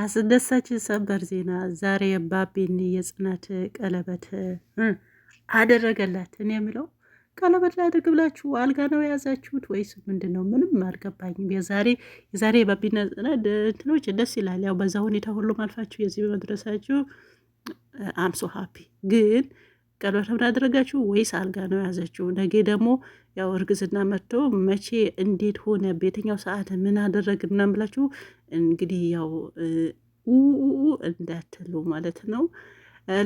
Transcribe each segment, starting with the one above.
አስደሳች ሰበር ዜና ዛሬ ባቢን የጽናት ቀለበት አደረገላት። እኔ የምለው ቀለበት ላድርግ ብላችሁ አልጋ ነው የያዛችሁት ወይስ ምንድን ነው? ምንም አልገባኝም። የዛሬ የዛሬ የባቢና ጽናት እንትኖች ደስ ይላል። ያው በዛ ሁኔታ ሁሉም አልፋችሁ የዚህ በመድረሳችሁ አምሶ ሀፒ ግን ቀለበት ነው ያደረጋችሁ ወይስ አልጋ ነው የያዘችው? ነገ ደግሞ ያው እርግዝና መጥቶ መቼ እንዴት ሆነ በየትኛው ሰዓት ምን አደረግ ምናምን ብላችሁ እንግዲህ ያው ውኡ እንዳትሉ ማለት ነው።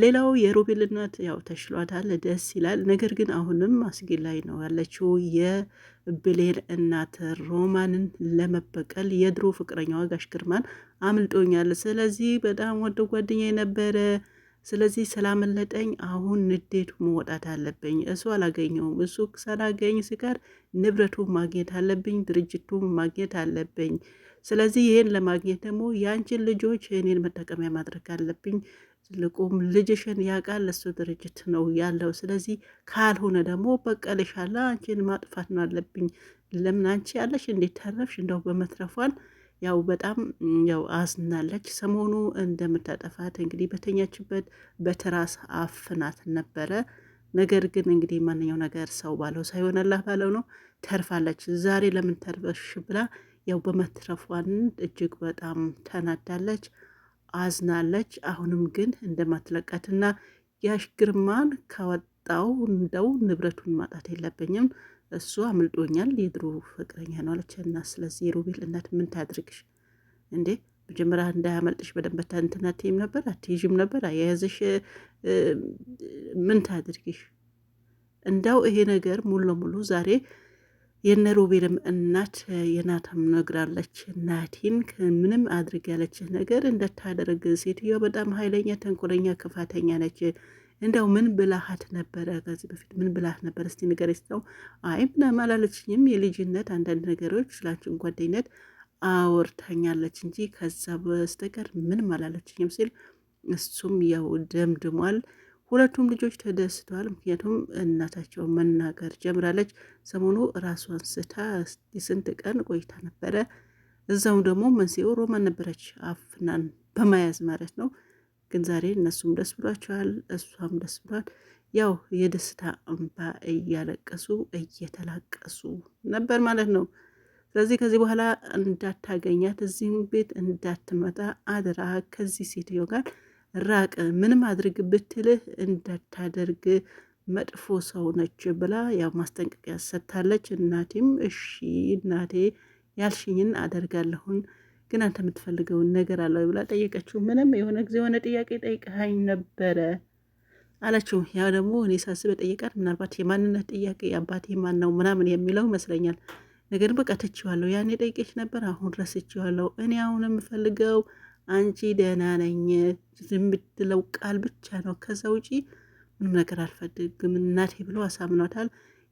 ሌላው የሮቤል እናት ያው ተሽሏታል፣ ደስ ይላል። ነገር ግን አሁንም አስጊ ላይ ነው ያለችው። የብሌን እናት ሮማንን ለመበቀል የድሮ ፍቅረኛዋ ጋሽ ግርማን አምልጦኛል፣ ስለዚህ በጣም ወደ ጓደኛ የነበረ ስለዚህ ስላመለጠኝ አሁን ንዴቱ መወጣት አለብኝ። እሱ አላገኘውም። እሱ ሳላገኝ ስቀር ንብረቱ ማግኘት አለብኝ፣ ድርጅቱ ማግኘት አለብኝ። ስለዚህ ይህን ለማግኘት ደግሞ የአንቺን ልጆች እኔን መጠቀሚያ ማድረግ አለብኝ። ትልቁም ልጅሽን ያውቃል፣ እሱ ድርጅት ነው ያለው። ስለዚህ ካልሆነ ደግሞ በቀልሻላ አንቺን ማጥፋት ነው አለብኝ። ለምን አንቺ ያለሽ እንዴት ተረፍሽ? እንደው በመትረፏን ያው በጣም ያው አዝናለች። ሰሞኑ እንደምታጠፋት እንግዲህ በተኛችበት በትራስ አፍናት ነበረ። ነገር ግን እንግዲህ ማንኛው ነገር ሰው ባለው ሳይሆን ባለው ነው። ተርፋለች። ዛሬ ለምን ተርፈሽ ብላ ያው በመትረፏን እጅግ በጣም ተናዳለች፣ አዝናለች። አሁንም ግን እንደማትለቃትና ያሽ ግርማን ካወጣው እንደው ንብረቱን ማጣት የለብኝም እሱ አምልጦኛል የድሮ ፍቅረኛ ነው አለች እና ስለዚህ የሮቤል እናት ምን ታድርግሽ እንዴ? መጀመሪያ እንዳያመልጥሽ በደንብ እንትን አትይም ነበር አትይዥም ነበር የያዘሽ ምን ታድርግሽ? እንዳው ይሄ ነገር ሙሉ ለሙሉ ዛሬ የነ ሮቤልም እናት የናታም ነግራለች። ናቲን ምንም አድርግ ያለች ነገር እንደታደረግ ሴትዮዋ በጣም ኃይለኛ፣ ተንኮለኛ፣ ክፋተኛ ነች። እንደው ምን ብላሃት ነበረ? ከዚህ በፊት ምን ብላሃት ነበረ? እስቲ ንገረኝ ስትለው አይ ምናምን አላለችኝም። የልጅነት አንዳንድ ነገሮች ስላንችን ጓደኝነት አወርታኛለች እንጂ ከዛ በስተቀር ምንም አላለችኝም ሲል እሱም ያው ደምድሟል። ሁለቱም ልጆች ተደስተዋል። ምክንያቱም እናታቸው መናገር ጀምራለች። ሰሞኑ ራሷን ስታ ስንት ቀን ቆይታ ነበረ። እዛውም ደግሞ መንስኤው ሮማን ነበረች፣ አፍናን በመያዝ ማለት ነው። ግን ዛሬ እነሱም ደስ ብሏቸዋል፣ እሷም ደስ ብሏል። ያው የደስታ እንባ እያለቀሱ እየተላቀሱ ነበር ማለት ነው። ስለዚህ ከዚህ በኋላ እንዳታገኛት፣ እዚህም ቤት እንዳትመጣ አድራ ከዚህ ሴትዮ ጋር ራቅ፣ ምንም አድርግ ብትልህ እንዳታደርግ መጥፎ ሰው ነች ብላ ያው ማስጠንቀቂያ ሰጥታለች። እናቴም እሺ እናቴ ያልሽኝን አደርጋለሁን ግን አንተ የምትፈልገውን ነገር አለ ወይ ብላ ጠየቀችው። ምንም የሆነ ጊዜ የሆነ ጥያቄ ጠይቀኸኝ ነበረ አለችው። ያ ደግሞ እኔ ሳስበ ጠየቃት። ምናልባት የማንነት ጥያቄ አባቴ ማን ነው ምናምን የሚለው ይመስለኛል። ነገር በቃ ትችዋለሁ። ያኔ ጠይቄች ነበር፣ አሁን ረስችዋለሁ። እኔ አሁን የምፈልገው አንቺ ደህና ነኝ የምትለው ቃል ብቻ ነው። ከዛ ውጪ ምንም ነገር አልፈልግም እናቴ ብሎ አሳምኗታል።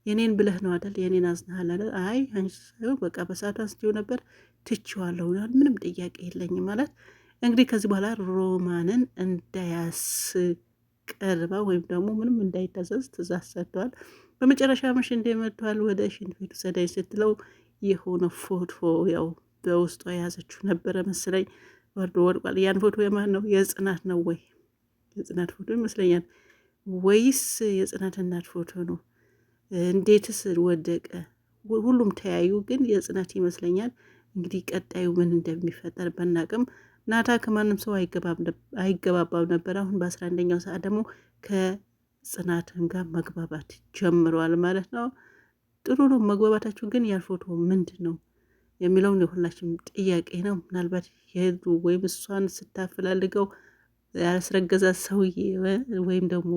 የኔን ብለህ ነው አደል? የኔን አዝናሃል አደል? አይ አንቺ በቃ በሰዓት አንስቼው ነበር ትችዋለሁ ይላል። ምንም ጥያቄ የለኝም ማለት እንግዲህ ከዚህ በኋላ ሮማንን እንዳያስቀርባ ወይም ደግሞ ምንም እንዳይታዘዝ ትእዛዝ ሰጥተዋል። በመጨረሻ ምሽ እንደመጥተዋል ወደ ሽንት ቤት ውሰደኝ ስትለው የሆነ ፎቶ ያው በውስጧ የያዘችው ነበረ መሰለኝ ወርዶ ወድቋል። ያን ፎቶ የማን ነው? የጽናት ነው ወይ የጽናት ፎቶ ይመስለኛል። ወይስ የጽናት እናት ፎቶ ነው? እንዴትስ ወደቀ? ሁሉም ተያዩ፣ ግን የጽናት ይመስለኛል። እንግዲህ ቀጣዩ ምን እንደሚፈጠር በናቅም ናታ ከማንም ሰው አይገባባም ነበር። አሁን በአስራ አንደኛው ሰዓት ደግሞ ከጽናትን ጋር መግባባት ጀምረዋል ማለት ነው። ጥሩ ነው መግባባታችሁ። ግን ያልፎቶ ምንድን ነው የሚለውን የሁላችንም ጥያቄ ነው። ምናልባት የሄዱ ወይም እሷን ስታፈላልገው ያስረገዛ ሰውዬ ወይም ደግሞ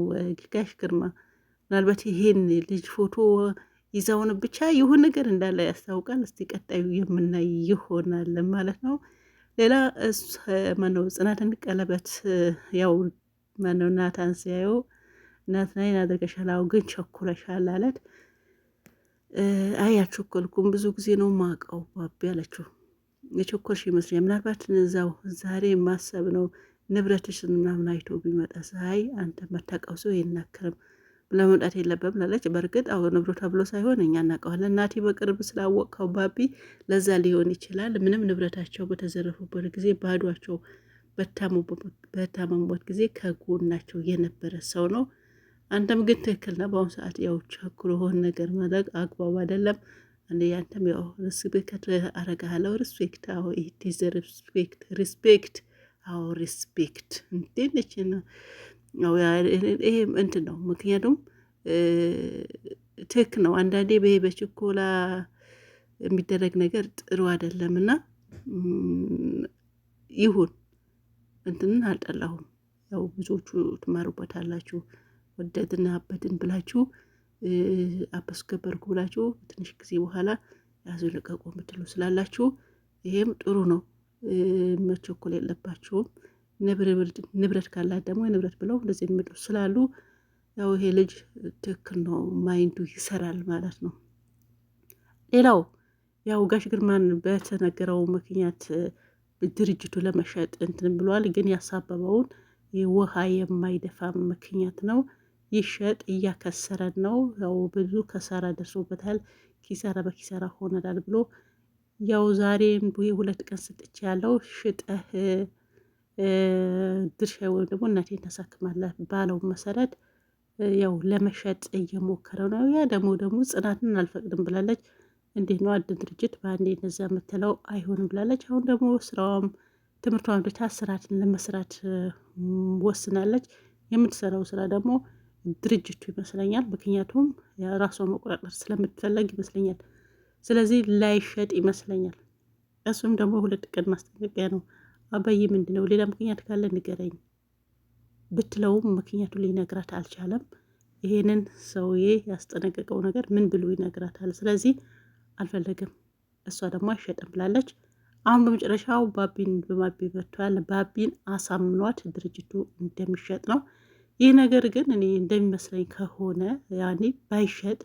ጋሽ ግርማ ምናልባት ይሄን ልጅ ፎቶ ይዘውን ብቻ ይሁን ነገር እንዳለ ያስታውቃል። እስቲ ቀጣዩ የምናይ ይሆናል ማለት ነው። ሌላ ማነው ጽናትን ቀለበት ያው ማነው ናታን ሲያየው ናትናይን አድርገሻል፣ አዎ ግን ቸኩለሻል አለት። አይ አልቸኮልኩም፣ ብዙ ጊዜ ነው ማቀው ባቢ አለችው። የቸኮልሽ ይመስለኛል፣ ምናልባት እዛው ዛሬ ማሰብ ነው ንብረትሽን ምናምን አይቶ ቢመጣ ሳይ አንተ መታቀው ሰው ይናክርም ለመምጣት የለበም ላለች፣ በእርግጥ አሁን ንብሮ ተብሎ ሳይሆን እኛ እናውቀዋለን። እናቴ በቅርብ ስላወቅከው ባቢ ለዛ ሊሆን ይችላል። ምንም ንብረታቸው በተዘረፉበት ጊዜ ባዷቸው በታመሙበት ጊዜ ከጎናቸው የነበረ ሰው ነው። አንተም ግን ትክክል ነው። በአሁኑ ሰዓት ያው ቸኩሎ ሆን ነገር ማድረግ አግባብ አይደለም። አንድ ያንተም ያው ሪስፔክት አረጋለው ሪስፔክት አዎ ይህ ኢዝ ሪስፔክት ሪስፔክት አዎ ሪስፔክት እንዴት ነች ነው ይሄ እንትን ነው። ምክንያቱም ትክ ነው። አንዳንዴ በሄ በችኮላ የሚደረግ ነገር ጥሩ አይደለም እና ይሁን እንትንን አልጠላሁም። ያው ብዙዎቹ ትማሩበታላችሁ። ወደድና አበድን ብላችሁ አበስከበርኩ ብላችሁ ትንሽ ጊዜ በኋላ ያዙ ልቀቁ የምትሉ ስላላችሁ ይሄም ጥሩ ነው። መቸኮል የለባችሁም። ንብረት ካላት ደግሞ ንብረት ብለው እንደዚህ የሚመጡ ስላሉ ያው ይሄ ልጅ ትክክል ነው፣ ማይንዱ ይሰራል ማለት ነው። ሌላው ያው ጋሽ ግርማን በተነገረው ምክንያት ድርጅቱ ለመሸጥ እንትን ብሏል። ግን ያሳበበውን ውሃ የማይደፋ ምክንያት ነው። ይሸጥ እያከሰረን ነው፣ ያው ብዙ ከሰራ ደርሶበታል፣ ኪሰራ በኪሰራ ሆነናል ብሎ ያው ዛሬ ሁለት ቀን ስጥቼ ያለው ሽጠህ ድርሻ ወይም ደግሞ እናቴን ታሳክማላት ባለው መሰረት ያው ለመሸጥ እየሞከረ ነው። ያ ደግሞ ደግሞ ጽናትን አልፈቅድም ብላለች። እንዲህ ነው አንድ ድርጅት በአንዴ እንደዛ የምትለው አይሆንም ብላለች። አሁን ደግሞ ስራዋም ትምህርቷን ብቻ ስራትን ለመስራት ወስናለች። የምትሰራው ስራ ደግሞ ድርጅቱ ይመስለኛል። ምክንያቱም ራሷ መቆጣጠር ስለምትፈለግ ይመስለኛል። ስለዚህ ላይሸጥ ይመስለኛል። እሱም ደግሞ ሁለት ቀን ማስጠንቀቂያ ነው አባዬ ምንድን ነው ሌላ ምክንያት ካለ ንገረኝ ብትለውም ምክንያቱ ሊነግራት አልቻለም። ይሄንን ሰውዬ ያስጠነቀቀው ነገር ምን ብሎ ይነግራታል? ስለዚህ አልፈለግም። እሷ ደግሞ አይሸጥም ብላለች። አሁን በመጨረሻው ባቢን በማቢ በቷል። ባቢን አሳምኗት ድርጅቱ እንደሚሸጥ ነው። ይህ ነገር ግን እኔ እንደሚመስለኝ ከሆነ ያኔ ባይሸጥ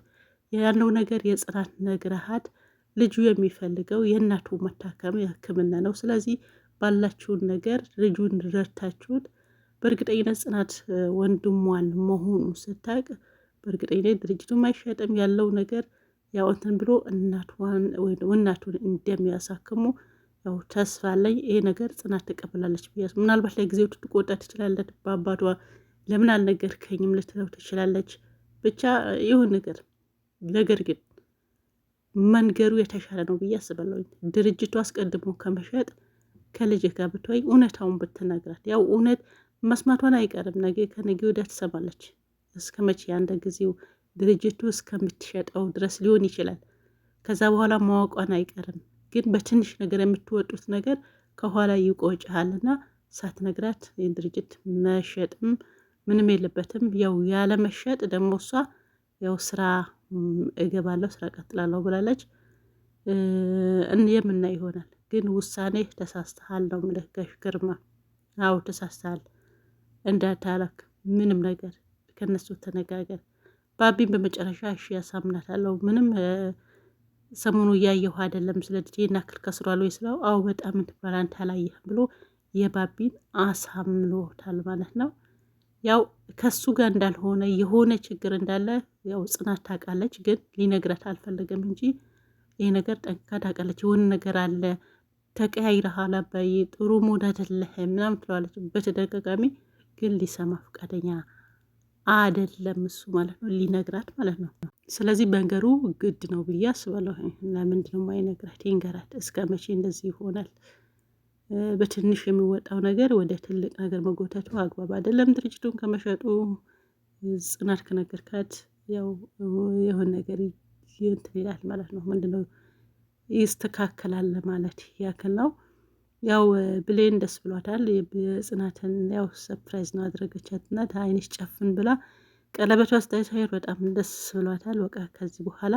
ያለው ነገር የጽናት ነግረሃት ልጁ የሚፈልገው የእናቱ መታከም ሕክምና ነው። ስለዚህ ባላችሁን ነገር ልጁን ረድታችሁት በእርግጠኝነት ጽናት ወንድሟን መሆኑ ስታቅ በእርግጠኝነት ድርጅቱም አይሸጥም ያለው ነገር ያው እንትን ብሎ እናቷን እናቱን እንደሚያሳክሙ ያው ተስፋ አለኝ። ይሄ ነገር ጽናት ተቀብላለች ብያስ ምናልባት ለጊዜው ትቆጣ ትችላለች። በአባቷ ለምን አልነገርከኝም ልትለው ትችላለች። ብቻ ይሁን ነገር ነገር ግን መንገሩ የተሻለ ነው ብዬ አስባለሁ። ድርጅቱ አስቀድሞ ከመሸጥ ከልጅ ጋር ብትወይ እውነታውን ብትነግራት፣ ያው እውነት መስማቷን አይቀርም። ነገ ከነገ ወዲያ ትሰማለች። እስከ መቼ? ያንደ ጊዜው ድርጅቱ እስከምትሸጠው ድረስ ሊሆን ይችላል። ከዛ በኋላ ማወቋን አይቀርም። ግን በትንሽ ነገር የምትወጡት ነገር ከኋላ ይቆጭሃልና ሳትነግራት ድርጅት መሸጥም ምንም የለበትም። ያው ያለመሸጥ ደግሞ እሷ ያው ስራ እገባለሁ ስራ ቀጥላለሁ ብላለች። የምናይ ይሆናል። ግን ውሳኔ ተሳስተሃል ነው የምልህ ጋሽ ግርማ። አዎ ተሳስተሃል፣ እንዳታረክ ምንም ነገር ከነሱ ተነጋገር። ባቢን በመጨረሻ እሺ ያሳምናታለሁ። ምንም ሰሞኑ እያየሁ አይደለም ስለ ልጄ እናክል ከስሯል ወይ ስለው፣ አዎ በጣም እንትበላንት አላየህም ብሎ የባቢን አሳምኖታል ማለት ነው። ያው ከሱ ጋር እንዳልሆነ የሆነ ችግር እንዳለ ያው ጽናት ታውቃለች፣ ግን ሊነግረት አልፈለገም እንጂ ይህ ነገር ጠንቅቃ ታውቃለች። የሆነ ነገር አለ ተቀያይረሃል አባዬ ጥሩ ሙድ አይደለህም ምናምን ትለዋለች በተደጋጋሚ ግን ሊሰማ ፈቃደኛ አይደለም እሱ ማለት ነው ሊነግራት ማለት ነው ስለዚህ መንገሩ ግድ ነው ብዬ አስባለሁ ለምንድን ነው የማይነግራት ይንገራት እስከ መቼ እንደዚህ ይሆናል በትንሽ የሚወጣው ነገር ወደ ትልቅ ነገር መጎተቱ አግባብ አይደለም ድርጅቱን ከመሸጡ ጽናት ከነገርካት ያው የሆን ነገር ይንትን ይላል ማለት ነው ምንድነው ይስተካከላል ማለት ያክል ነው። ያው ብሌን ደስ ብሏታል። የጽናትን ያው ሰፕራይዝ ነው አድረገቻት እና አይንሽ ጨፍን ብላ ቀለበቷ ስታይ በጣም ደስ ብሏታል። በቃ ከዚህ በኋላ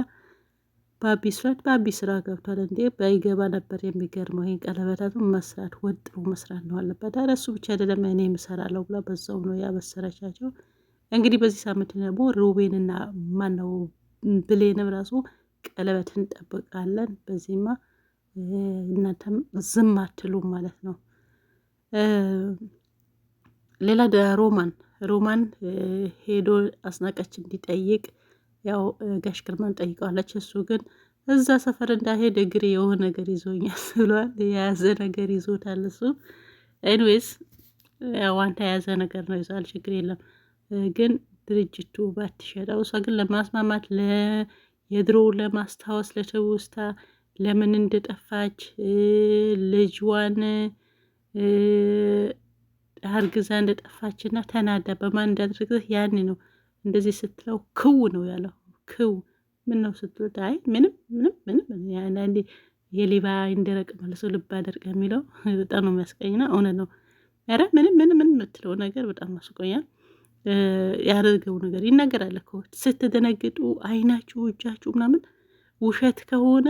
ባቢ ስራት ባቢ ስራ ገብቷል እንዴ ባይገባ ነበር የሚገርመው። ይህን ቀለበታቱ መስራት ወጥሮ መስራት ነው አለበት። ኧረ እሱ ብቻ አይደለም እኔ የምሰራለው ብላ በዛው ነው ያበሰረቻቸው። እንግዲህ በዚህ ሳምንት ደግሞ ሩቤንና ማነው ብሌንም ራሱ ቀለበትን እንጠብቃለን። በዚህማ እናንተም ዝም አትሉ ማለት ነው። ሌላ ሮማን ሮማን ሄዶ አስናቀች እንዲጠይቅ ያው ጋሽ ግርማን ጠይቀዋለች። እሱ ግን እዛ ሰፈር እንዳሄድ እግሬ የሆነ ነገር ይዞኛል ብሏል። የያዘ ነገር ይዞታል እሱ። ኤንዌስ ዋንታ የያዘ ነገር ነው ይዟል፣ ችግር የለም ግን ድርጅቱ ባትሸጠው እሷ ግን ለማስማማት የድሮ ለማስታወስ ለትውስታ ለምን እንደጠፋች ልጅዋን አርግዛ እንደጠፋች እንደጠፋችና ተናዳ በማን እንዳደረግህ ያን ነው እንደዚህ ስትለው ክው ነው ያለው። ክው ምን ነው ስትወጣ አይ ምንም ምንም ምንም አንዳንዴ የሌባ አይንደረቅ መልሶ ልብ አደርቅ የሚለው በጣም ነው የሚያስቀኝና እውነት ነው። ኧረ ምንም ምንም ምን የምትለው ነገር በጣም አስቆኛል። ያደርገው ነገር ይናገራል እኮ ስትደነግጡ አይናችሁ፣ እጃችሁ ምናምን ውሸት ከሆነ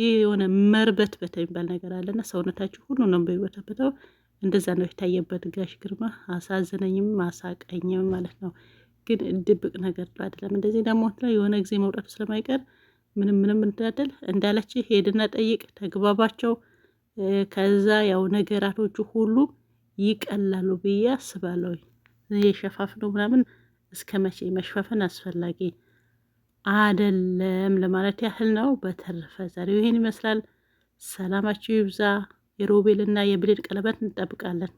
ይህ የሆነ መርበት በተ የሚባል ነገር አለና ሰውነታችሁ ሁሉ ነው በይበተበተው። እንደዛ ነው የታየበት ጋሽ ግርማ። አሳዘነኝም አሳቀኝም ማለት ነው። ግን ድብቅ ነገር አይደለም። እንደዚህ ደግሞ የሆነ ጊዜ መውጣቱ ስለማይቀር ምንም ምንም እንዳደል እንዳለች ሄድና ጠይቅ ተግባባቸው። ከዛ ያው ነገራቶቹ ሁሉ ይቀላሉ ብዬ አስባለሁ። የሸፋፍኖ ምናምን እስከ መቼ መሸፈን አስፈላጊ አደለም ለማለት ያህል ነው። በተረፈ ዛሬው ይህን ይመስላል። ሰላማችሁ ይብዛ። የሮቤልና የብሌን ቀለበት እንጠብቃለን።